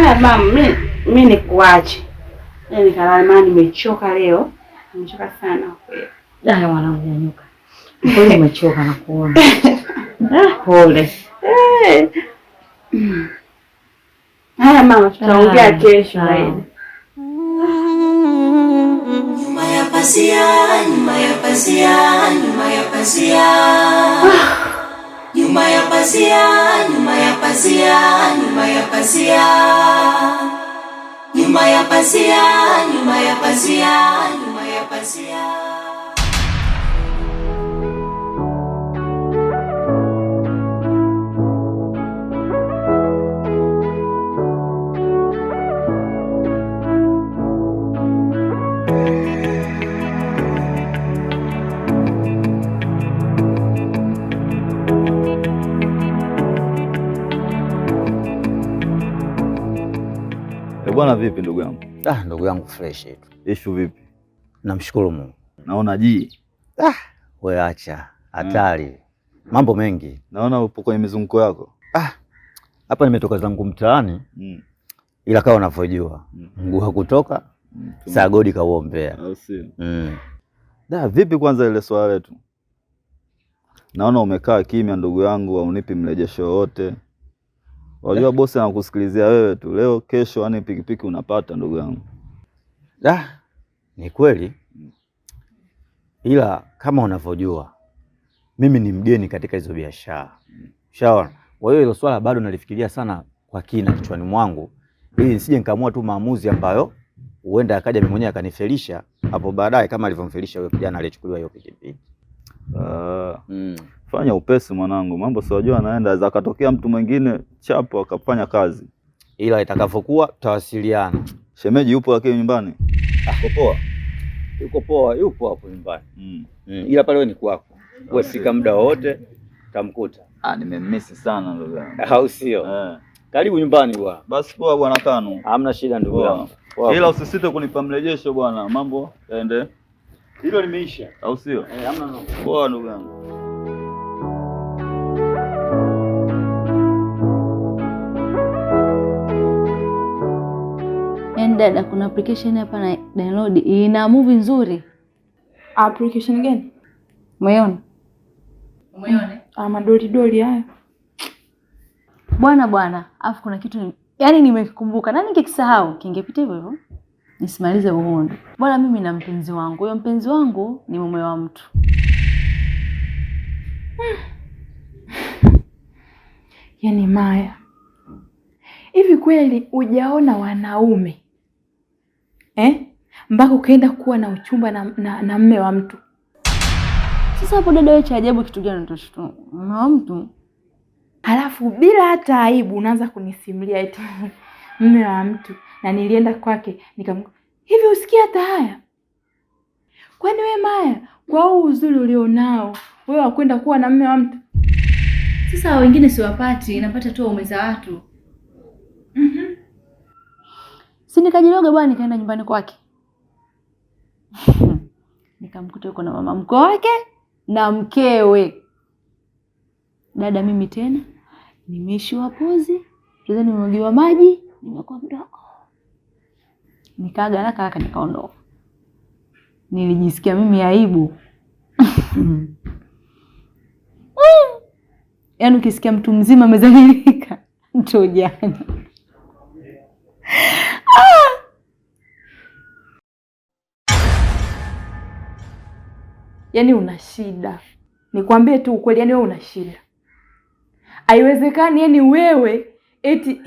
Haya mama, mi mi nikuache. Yaani nikalala, nimechoka leo, nimechoka sana kweli. Dada mwanangu, nyanyuka kweli, umechoka na kuona. Ah, pole. Eh. Haya mama, tutaongea kesho. Nyuma ya pazia, nyuma ya pazia, nyuma ya pazia ah nyuma ya pazia, nyuma ya pazia, nyuma ya pazia, nyuma ya pazia, nyuma ya pazia, nyuma ya pazia. Bwana vipi ndugu yangu? Ah, ndugu yangu fresh tu. Ishu vipi? Namshukuru Mungu. Naona ji. Ah, wewe acha hatari. Hmm. Mambo mengi. Naona upo kwenye mizunguko yako. Ah. Hapa nimetoka zangu mtaani. Hmm. Ila kawa unavyojua, Hmm. mguu hakutoka. Hmm. Saa godi kauombea. Au sio? Mm. Da, vipi kwanza ile swala letu? Naona umekaa kimya ndugu yangu, haunipi mrejesho wowote. Wajua bosi anakusikilizia wewe tu, leo kesho, yani pikipiki unapata, ndugu yangu. Da, ni kweli, ila kama unavyojua mimi ni mgeni katika hizo biashara, shaona. Kwa hiyo hilo swala bado nalifikiria sana kwa kina kichwani mwangu, ili nisije nikaamua tu maamuzi ambayo huenda akaja mimi mwenyewe akanifelisha hapo baadaye, kama alivyomfelisha huyo kijana aliyechukuliwa hiyo pikipiki. Uh, mm fanya upesi mwanangu, mambo siwajua anaenda, zakatokea mtu mwingine chapo akafanya kazi, ila itakavyokuwa tutawasiliana. Shemeji yupo lakini nyumbani? Ah, poa, yuko poa, yupo hapo nyumbani mm. mm. ila pale ni kwako wewe, okay. fika muda wote tamkuta. Ah, nimemiss sana ndugu yangu, au sio? Eh. Karibu nyumbani bwana. Basi poa bwana Kanu. Hamna shida ndugu yangu. Ila usisite kunipa mrejesho bwana, mambo yaende. Hilo limeisha, au sio? Eh, hamna ndugu yangu. dada, kuna application hapa na download ina movie nzuri. Application gani? Umeona? Umeona? Ah, madoli doli haya bwana bwana, afu kuna kitu yaani nimekumbuka Nani kikisahau kingepita hivyo hivyo nisimalize uhondo bwana. Mimi na mpenzi wangu, huyo mpenzi wangu ni mume wa mtu yaani Maya, hivi kweli hujaona wanaume eh? Mpaka ukaenda kuwa na uchumba na, na, na mme wa mtu. Sasa hapo dada, wewe cha ajabu kitu gani? Unashtuka mtu halafu bila hata aibu unaanza kunisimulia eti mme wa mtu na nilienda kwake nikam hivi, usikia hata haya? Kwani wewe Maya, kwa huu uzuri ulionao wewe wakwenda kuwa na mme wa mtu? Sasa wengine siwapati, napata tu waume za watu. mm -hmm si nikajiroga bwana, nikaenda nyumbani kwake nikamkuta yuko na mama mkwe wake na mkewe. Dada mimi tena nimeishiwa pozi, sasa nimemwagiwa maji, nimekuwa mdogo. Nikaaga na kaka nikaondoka. Nilijisikia mimi aibu yaani ukisikia mtu mzima amezalilika mtu yani una shida, nikwambie tu ukweli, yani wewe una shida. Haiwezekani yani wewe eti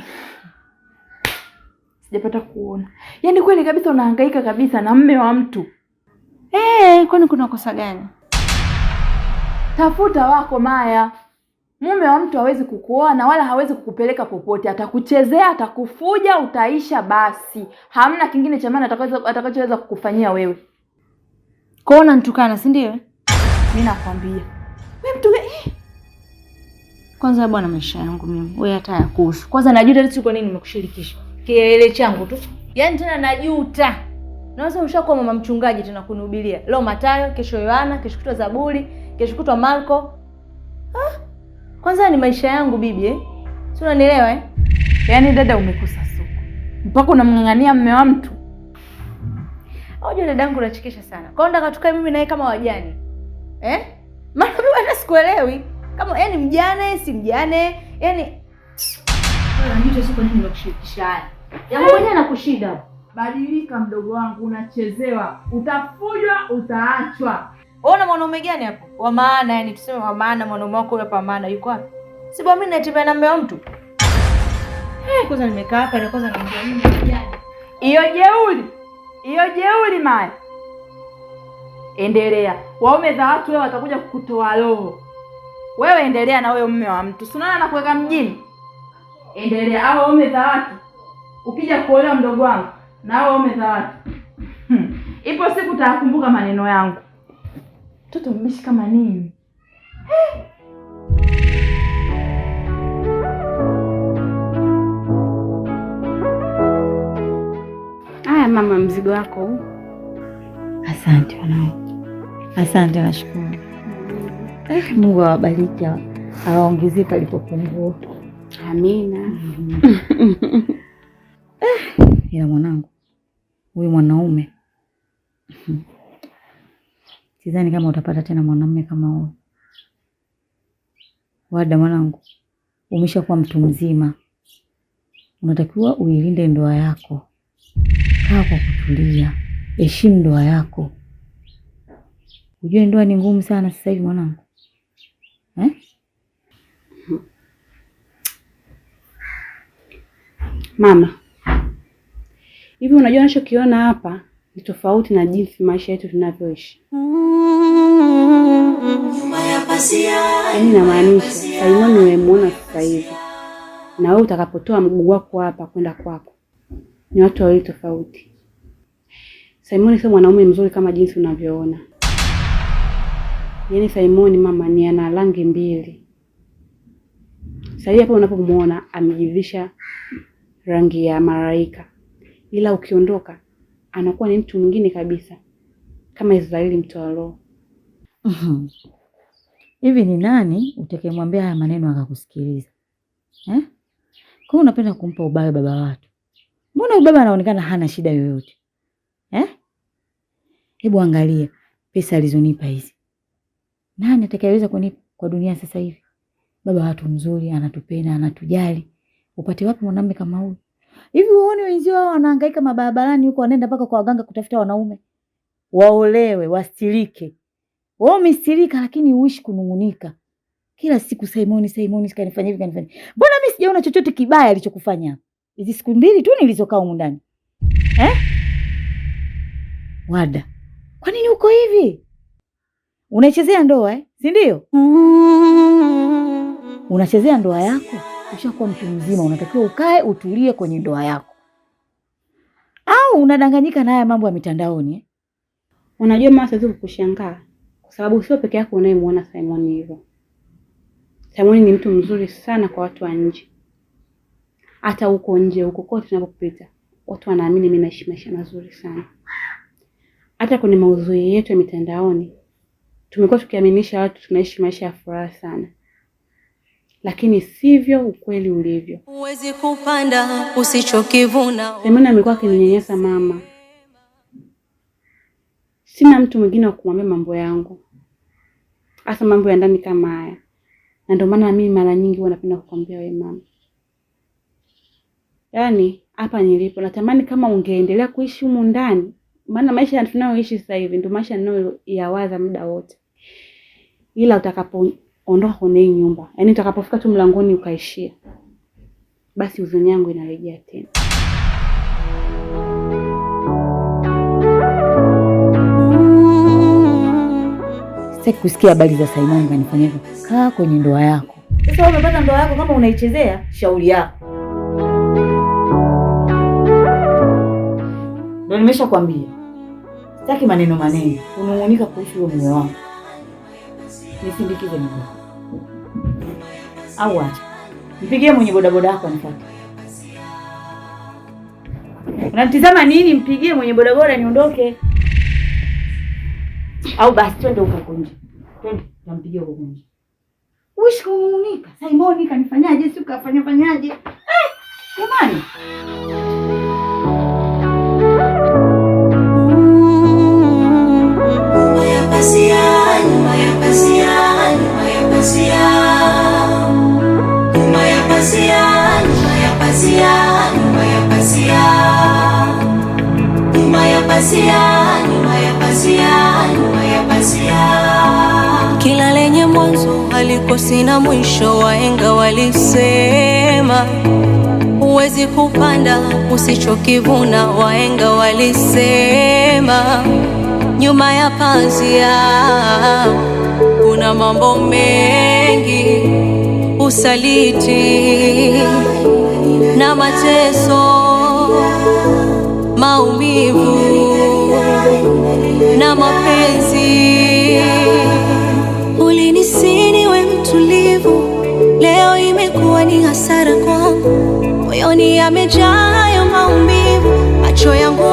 sijapata kuona, yani kweli kabisa unahangaika kabisa na mme wa mtu hey, eh, kwani kuna kosa gani? Tafuta wako Maya. Mume wa mtu hawezi kukuoa na wala hawezi kukupeleka popote, atakuchezea, atakufuja, utaisha basi. Hamna kingine cha maana atakachoweza kukufanyia wewe. Kwa hiyo unanitukana, si ndio? Mimi nakwambia. Wewe mtu eh. Kwanza bwana, maisha yangu mimi. Wewe hata yakuhusu. Kwanza najuta tu kwa nini nimekushirikisha. Kielele changu tu. Yaani tena najuta. Naweza ushakuwa mama mchungaji tena kunihubiria. Leo Matayo, kesho Yohana, kesho kutwa Zaburi, kesho kutwa Marko. Ah? Kwanza ni maisha yangu bibi eh. Si unanielewa eh? Yaani dada umekusa suku. Mpaka unamng'ang'ania mume wa mtu. Unajua dadangu unachekesha sana. Kwa nini nataka mimi naye kama wajani? Eh? Maana mimi hata sikuelewi. Kama yeye ni mjane, si mjane, Yaani Bwana yani Anita siko nini nakushirikisha haya. Yangu mwenyewe kushida. Badilika mdogo wangu unachezewa, utafujwa, utaachwa. Wewe una mwanaume gani hapo? Wa maana yani tuseme wa maana mwanaume wako yule hapa maana yuko wapi? Si bwana mimi natembea na mume wa mtu. Eh, kwanza nimekaa hapa na kwanza naongea nini? Hiyo jeuri hiyo jeuri maya. Endelea, waume za watu wewe watakuja kukutoa roho. Wewe endelea na huyo mume wa mtu, sunana na kuweka mjini. Endelea au waume za watu, ukija kuolewa mdogo wangu na hao waume za watu hmm. ipo siku utakumbuka maneno yangu. Mtoto mbishi kama nini? Eh, mama, mzigo wako. Asante wanangu, asante, nashukuru. Eh, Mungu awabariki, awaongezee palipopungua. Amina. Eh, ila mwanangu, huyu mwanaume sidhani kama utapata tena mwanamume kama huyu. Wada mwanangu, umeshakuwa mtu mzima, unatakiwa uilinde ndoa yako kaa kwa kutulia, heshimu ndoa yako. Ujue ndoa ni ngumu sana sasa hivi mwanangu eh? Mama, hivi unajua unachokiona hapa ni tofauti na jinsi maisha yetu tunavyoishi. Yaani namaanisha Simoni unayemwona sasa hivi, na wewe utakapotoa mguu wako hapa kwenda kwako ni watu wawili tofauti. Simoni sio mwanaume mzuri kama jinsi unavyoona. Yaani Simoni mama ni ana rangi mbili. Sasa hapa unapomwona amejivisha rangi ya malaika, ila ukiondoka anakuwa ni mtu mwingine kabisa, kama Israeli wa roho mhm. hivi. Ni nani utakayemwambia haya maneno akakusikiliza eh? Kwa unapenda kumpa ubaya baba watu Mbona ubaba anaonekana hana shida yoyote eh? Hebu angalia pesa alizonipa hizi, nani atakayeweza kunipa kwa dunia sasa hivi? Baba watu mzuri, anatupenda, anatujali. Upate wapi mwanamume kama huyu? Hivi uone wenzio wao wanahangaika mabarabarani huko, wanaenda mpaka kwa waganga kutafuta wanaume waolewe, wastirike. Wao umestirika, lakini uishi kunungunika kila siku, Simoni, Simoni, kanifanya hivi, kanifanya. Mbona mimi sijaona chochote kibaya alichokufanya? hizi siku mbili tu nilizokaa humu ndani eh? Wada, kwa nini uko hivi? Unaichezea ndoa eh? si ndio? Unachezea ndoa yako, ushakuwa mtu mzima, unatakiwa ukae utulie kwenye ndoa yako, au unadanganyika na haya mambo ya mitandaoni eh? Unajua mama, siwezi kukushangaa kwa sababu sio peke yako unayemwona Simon hivyo. Simon ni mtu mzuri sana kwa watu wa nje hata huko nje huko kote tunapopita watu wanaamini mimi naishi maisha mazuri sana. Hata kwenye mauzui yetu ya mitandaoni tumekuwa tukiaminisha watu tunaishi maisha ya furaha sana, lakini sivyo ukweli ulivyo. Huwezi kupanda usichokivuna. Semena amekuwa akininyanyasa mama, sina mtu mwingine wa kumwambia mambo yangu, hasa mambo ya ndani kama haya, na ndio maana mimi mara nyingi huwa napenda kukwambia wewe mama Yaani hapa nilipo natamani kama ungeendelea kuishi humu ndani, maana maisha tunayoishi sasa hivi ndio maisha ninayoyawaza muda wote, ila utakapoondoka kwenye hii nyumba, yani utakapofika tu mlangoni ukaishia, basi huzuni yangu inarejea tena. Sitaki kusikia habari za Simon kanifanya hivyo. Kaa kwenye ndoa yako. Sasa umepata ndoa yako, kama unaichezea shauri yako. nimeshakwambia sitaki maneno maneno, unung'unika kuhusu huyo mume wangu. Nisindikize mimi au acha mpigie mwenye bodaboda hapa nifuate. Unamtizama nini? Mpigie mwenye bodaboda niondoke, au basi twende huko nje, twende nampigia huko nje. Uishi kunung'unika Simoni, kanifanyaje? si ukafanya fanyaje? Eh, jamani! pazia, nyuma ya pazia, nyuma ya pazia, nyuma ya pazia, nyuma ya pazia, nyuma ya pazia, nyuma ya pazia. Kila lenye mwanzo halikosi na mwisho, wahenga walisema Huwezi kupanda usichokivuna, wahenga walisema, nyuma ya pazia kuna mambo mengi, usaliti na mateso, maumivu na mapenzi. Ulinisini we mtulivu, leo imekuwa ni hasara kwangu, moyoni yamejaa hayo maumivu, macho yangu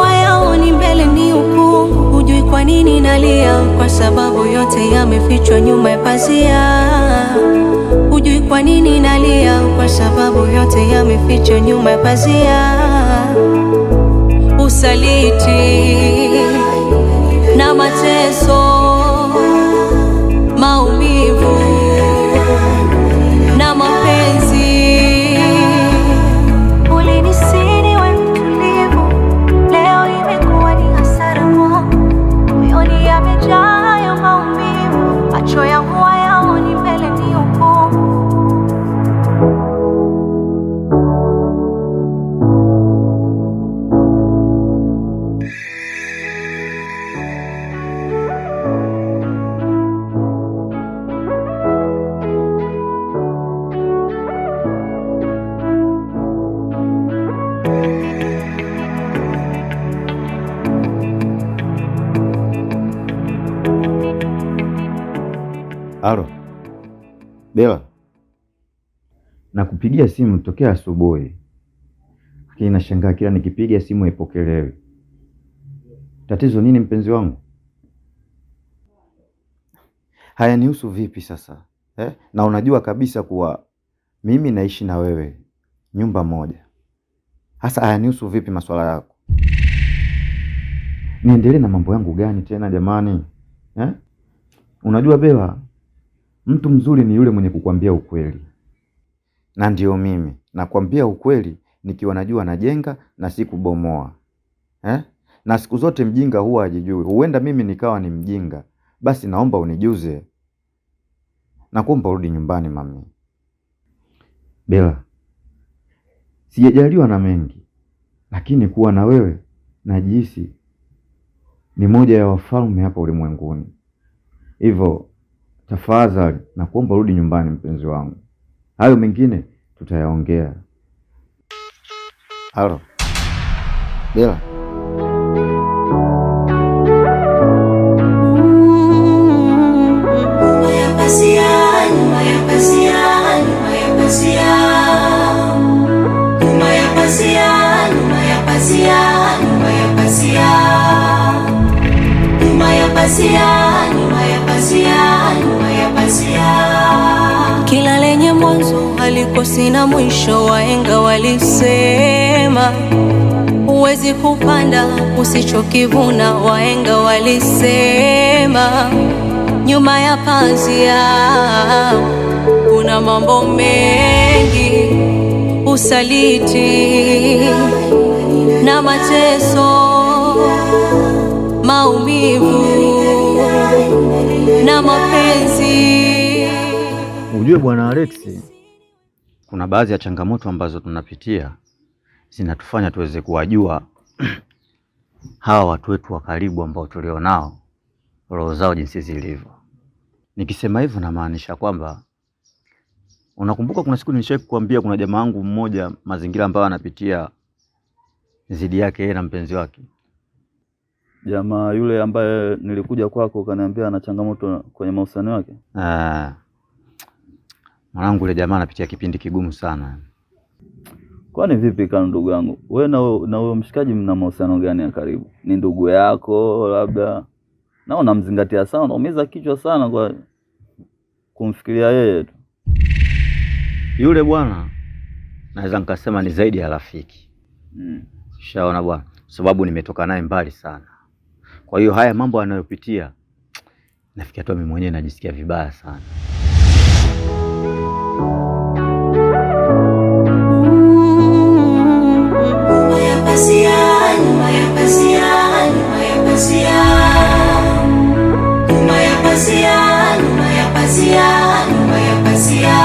kwa nini nalia? Kwa sababu yote yamefichwa nyuma ya pazia. Hujui kwa nini nalia? Kwa sababu yote yamefichwa nyuma ya pazia. Usaliti na mateso Alo Dela, nakupigia simu tokea asubuhi, lakini nashangaa kila nikipiga simu haipokelewi. Tatizo nini mpenzi wangu? Haya nihusu vipi sasa eh? Na unajua kabisa kuwa mimi naishi na wewe nyumba moja. Hasa haya nihusu vipi masuala yako? Niendelee na mambo yangu gani tena jamani eh? Unajua Bela Mtu mzuri ni yule mwenye kukwambia ukweli, na ndiyo mimi nakwambia ukweli nikiwa najua najenga na si kubomoa eh? Na siku zote mjinga huwa hajijui. Huenda mimi nikawa ni mjinga, basi naomba unijuze, nakuomba urudi nyumbani mami. Bela, sijajaliwa na mengi, lakini kuwa na wewe najihisi ni moja ya wafalme hapa ulimwenguni, hivyo Tafadhali nakuomba rudi nyumbani, mpenzi wangu. Hayo mengine tutayaongea. Halo Bela. Nyuma ya pazia mwanzo haliko sina mwisho. waenga walisema huwezi kupanda usichokivuna. waenga walisema nyuma ya pazia kuna mambo mengi, usaliti na mateso, maumivu na mapenzi Ujue bwana Alex, kuna baadhi ya changamoto ambazo tunapitia zinatufanya tuweze kuwajua hawa watu wetu wa karibu ambao tulio nao roho zao jinsi zilivyo. Nikisema hivyo namaanisha kwamba unakumbuka, kuna siku nilishawahi kukuambia kuna jamaa wangu mmoja, mazingira ambayo anapitia zidi yake yeye na mpenzi wake. Jamaa yule ambaye nilikuja kwako ukaniambia ana changamoto kwenye mahusiano yake. Ah. Mwanangu yule jamaa anapitia kipindi kigumu sana. Kwani vipi kama ndugu yangu? Wewe na huyo mshikaji mna mahusiano gani ya karibu? Ni ndugu yako labda? Na unamzingatia sana, unaumiza kichwa sana kwa kumfikiria yeye tu. Yule bwana naweza nikasema ni zaidi ya rafiki. Mm. Shaona bwana, sababu nimetoka naye mbali sana. Kwa hiyo haya mambo anayopitia nafikia tu mimi mwenyewe najisikia vibaya sana. pazia, nyuma ya pazia, nyuma ya pazia, nyuma ya pazia,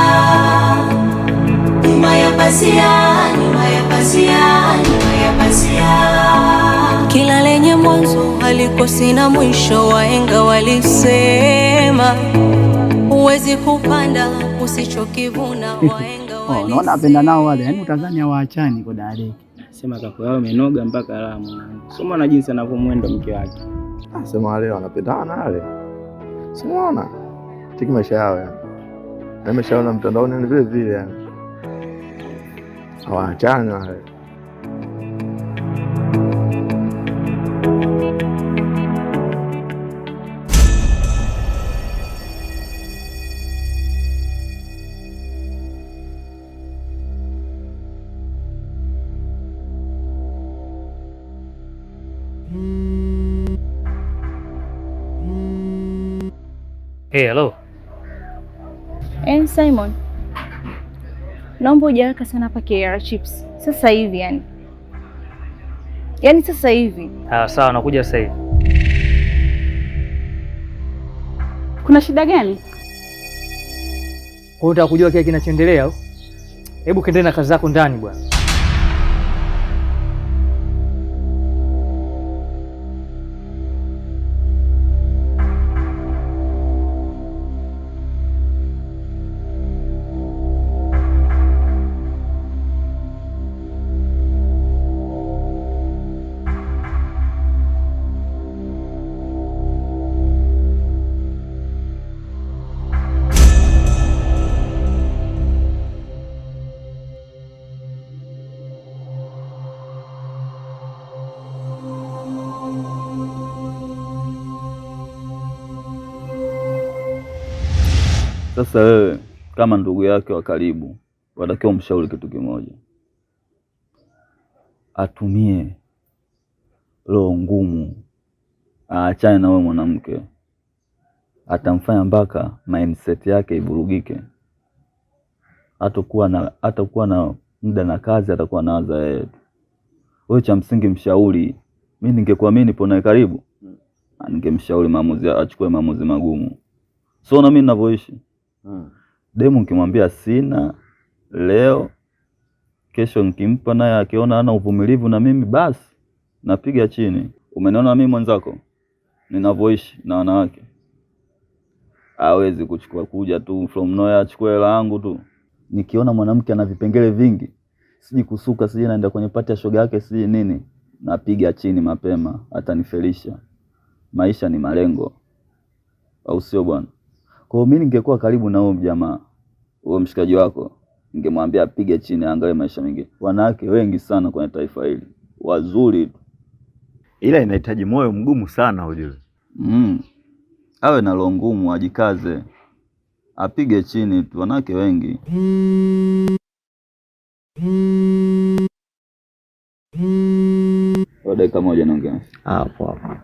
nyuma ya pazia, nyuma ya pazia, nyuma ya pazia. Kila lenye mwanzo halikosi na mwisho, wahenga walisema huwezi kupanda usichokivuna. Wahenga walisema oh, naona apenda nao wale, yani utazania waachani kudadeki sema kaka yao amenoga mpaka Lamu. Soma na jinsi anavyomwenda mke wake, ah, sema wale anapendana wale, simuona tiki maisha yao ya ameshaona yaani mtandaoni vile vile, hawaachana wale Hey, eh, hello. Hey, eh, Simon. Naomba ujaraka sana hapa KR Chips. Sasa hivi yani. Yaani sasa hivi. Ah, sawa nakuja sasa hivi. Kuna shida gani? Unataka kujua kile kinachoendelea? Hebu kendele na kazi zako ndani bwana. Sasa wewe kama ndugu yake wa karibu, watakiwa umshauri kitu kimoja, atumie roho ngumu, aachane na wewe mwanamke, atamfanya mpaka mindset yake ivurugike, hatakuwa na hatakuwa na muda na kazi, atakuwa nawaza yeye. Wewe cha msingi mshauri. Mimi ningekuwa mimi nipo naye karibu, ningemshauri maamuzi, achukue maamuzi magumu, so na mimi ninavyoishi hmm. Demu nkimwambia sina leo, kesho nkimpa naye akiona ana uvumilivu na mimi, basi napiga chini. Umeniona mimi mwenzako ninavyoishi na wanawake, hawezi kuchukua kuja tu from nowhere achukue hela yangu tu. Nikiona mwanamke ana vipengele vingi, siji kusuka, siji naenda kwenye pati ya shoga yake, siji nini, napiga chini mapema, atanifelisha. Maisha ni malengo, au sio bwana? Kwa mimi ningekuwa karibu na huyo jamaa, huyo mshikaji wako, ningemwambia apige chini, angalie maisha mengine. Wanawake wengi sana kwenye taifa hili wazuri tu, ila inahitaji moyo mgumu sana ujue. Mm. Awe na roho ngumu, ajikaze, apige chini tu, wanawake wengi dakika moja naongea hapo hapo.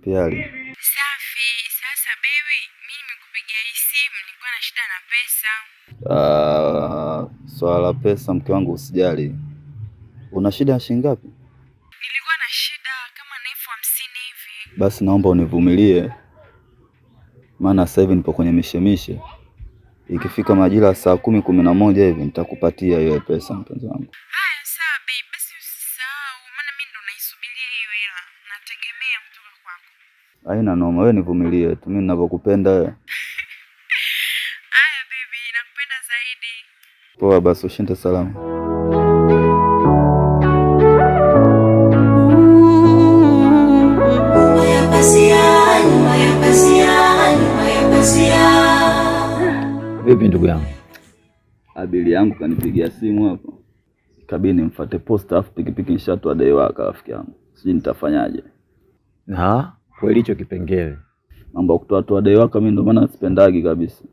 Vipi hali? Safi. Sasa baby, mimi nimekupigia hii simu nilikuwa na shida na pesa. Uh, swala la pesa, mke wangu, usijali. Una shida ya shilingi ngapi? Nilikuwa na shida kama na elfu hamsini hivi. Basi naomba univumilie, maana sasa hivi nipo kwenye mishemishe. Ikifika majira ya saa kumi kumi na moja hivi nitakupatia hiyo pesa, mpenzi wangu. Haina noma, wewe nivumilie tu mimi ninavyokupenda wewe. Haya bibi, nakupenda zaidi. Poa basi, ushinde salama. Vipi ndugu yangu? Abili yangu kanipigia simu hapo, kabini nimfuate posta, afu pikipiki waka rafiki yangu, sijui nitafanyaje. Ha? kweli hicho kipengele. Mambo ya kutoatoa dai wako mimi ndo maana sipendagi kabisa.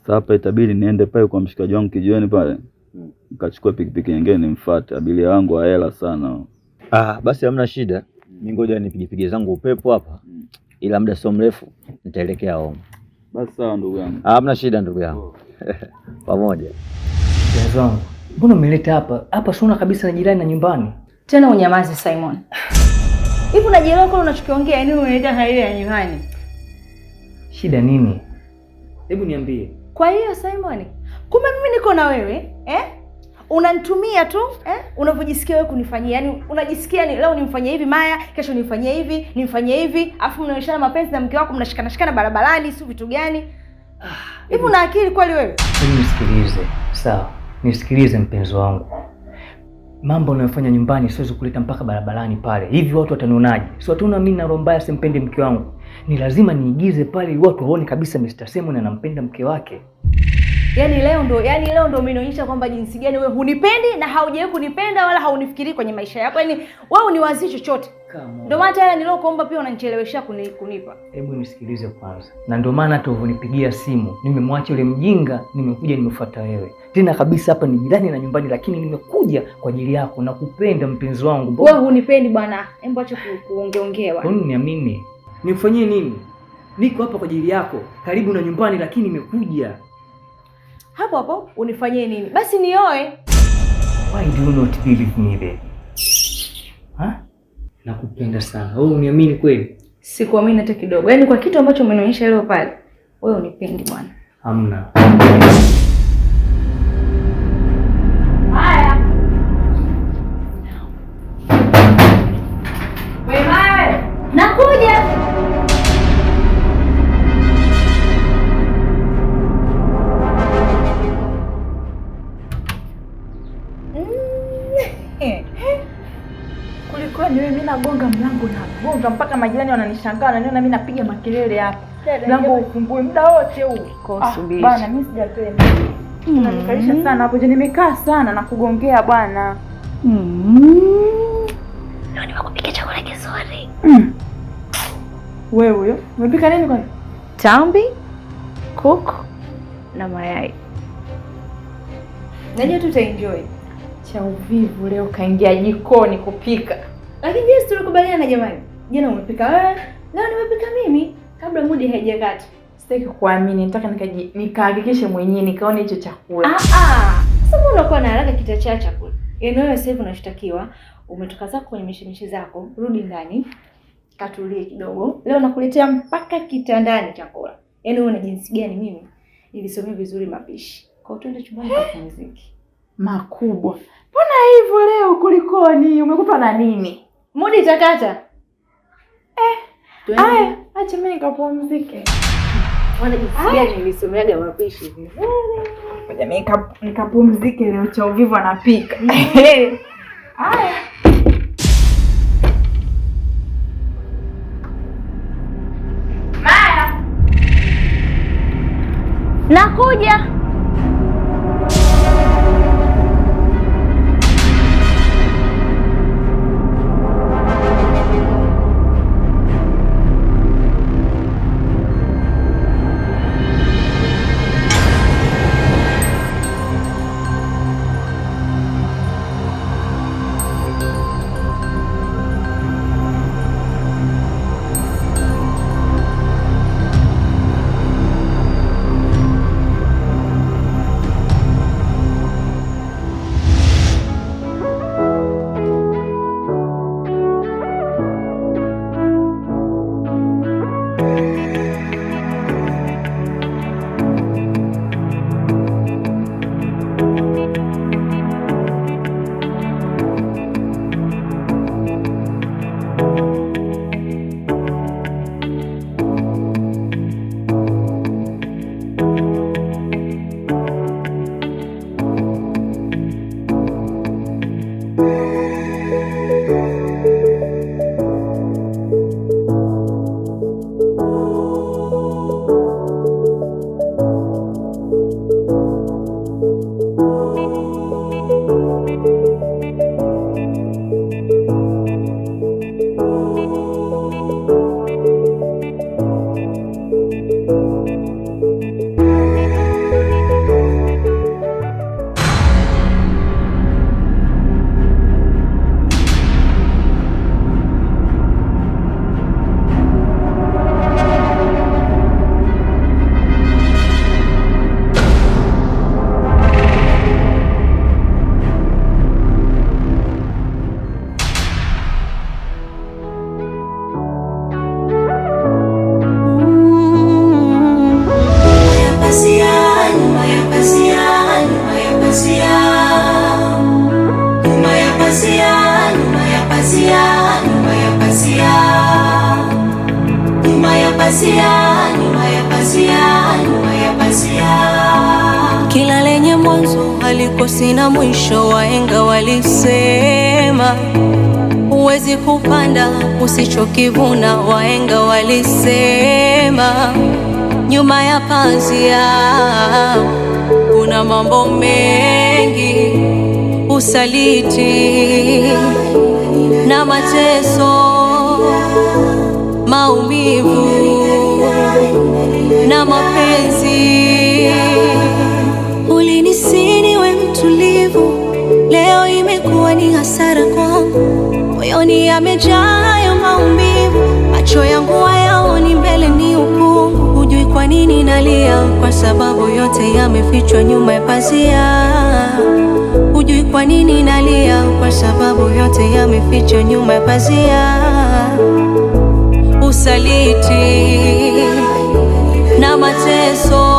Sasa hapa itabidi niende pale kwa mshikaji wangu kijiweni pale hmm. nikachukua pikipiki nyingine nimfuate, abiria wangu wa hela sana. Ah, basi hamna shida, mimi ngoja nipigipige zangu upepo hapa, hmm. ila muda sio mrefu nitaelekea home. Basi sawa ndugu yangu. Ah, hamna shida ndugu yangu. Oh. Pamoja. Mbona umeleta hapa hapa? Siona kabisa na jirani na nyumbani tena Unyamazi, Simon. Hivi unajielewa kwa unachokiongea? Yaani unaita haile ya nyuhani, shida nini? Hebu niambie. Kwa hiyo Simon, kumbe mimi niko na wewe eh? Unanitumia tu eh? Unavyojisikia wewe kunifanyia, yaani unajisikia ni leo nimfanyie hivi Maya, kesho nimfanyie hivi, nimfanyie hivi, afu mnaonyeshana mapenzi na mke wako, mnashikana shikana barabarani, si vitu gani ah, hivi? Ah, una akili kweli wewe? Nisikilize sawa, nisikilize mpenzi wangu mambo unayofanya nyumbani siwezi kuleta mpaka barabarani pale, hivi watu watanionaje? Si wataona mimi na roho mbaya, simpendi mke wangu. Ni lazima niigize pale, watu waone kabisa Mr. Simon anampenda mke wake. Yaani leo ndo, yaani leo ndo umenionyesha kwamba jinsi gani wewe hunipendi na haujawahi kunipenda wala haunifikirii kwenye maisha yako. Yaani wewe uniwazii chochote. Ndio maana haya nilokuomba pia unanichelewesha kuni, kunipa. Hebu nisikilize kwanza. Na ndio maana hata unipigia simu, nimemwacha yule mjinga, nimekuja nimefuata wewe. Tena kabisa hapa ni jirani na nyumbani lakini nimekuja kwa ajili yako na kupenda mpenzi wangu. Wewe hunipendi bwana. Hebu acha kuongeongea bwana. Kwani niamini? Nifanyie nini? Niko hapa kwa ajili yako, karibu na nyumbani lakini nimekuja hapo hapo unifanyie nini? Basi nioe. Why do you not believe me baby? Ha? Nakupenda sana. Wewe uniamini kweli? Sikuamini hata kidogo. Yaani kwa kitu ambacho umenionyesha leo pale, wewe unipendi bwana. Hamna. mimi mimi nagonga mlango na navunja mpaka majirani wananishangaa na niona mimi napiga makelele hapa. Mlango ufungue muda wote huu. Ah, bana mimi sijapenda. Mm. Unanikalisha sana hapo. Je, nimekaa sana na kugongea bwana. Mm. Leo nimekupikia chakula kizuri. Mm. Wewe huyo, umepika nini kwani? Tambi, kuku na mayai. Nani tu ta enjoy. Cha uvivu leo kaingia jikoni kupika. Lakini jinsi tulikubaliana jamani, jana umepika wewe, leo nimepika mimi, kabla mudi haijakata. Sitaki kuamini, nataka nikaji nikahakikishe mwenyewe nikaone hicho chakula. Ah ah. Sasa mbona unakuwa na haraka kitachia chakula? Yaani wewe sasa hivi unashtakiwa, umetoka zako kwenye mishemishe zako, rudi ndani. Katulie kidogo. Leo nakuletea mpaka kitandani chakula. Yaani wewe una jinsi gani mimi? Nilisomea vizuri mapishi. Kwa hiyo twende chumbani kwa muziki. Makubwa. Mbona hivyo leo kulikoni? Umekupa na nini? Mudi takata. Eh. Aya, acha mimi nikapumzike. Wana jisikia nilisomeaga mapishi hivi. Ngoja mimi nikapumzike leo cha uvivu anapika. Aya. Maya. Nakuja. pazia, nyuma ya pazia, nyuma ya pazia. Kila lenye mwanzo halikosi na mwisho, waenga walisema. Huwezi kupanda usichokivuna, waenga walisema. Nyuma ya pazia kuna mambo mengi, usaliti na mateso maumivu na mapenzi. Ulinisini we mtulivu, leo imekuwa ni hasara kwangu. Moyoni yamejaa maumivu, macho yangu hayaoni mbele, ni ukungu. Hujui kwa nini nalia, kwa sababu yote yamefichwa nyuma ya pazia. Hujui kwa nini nalia, kwa sababu yote yamefichwa nyuma ya pazia usaliti na mateso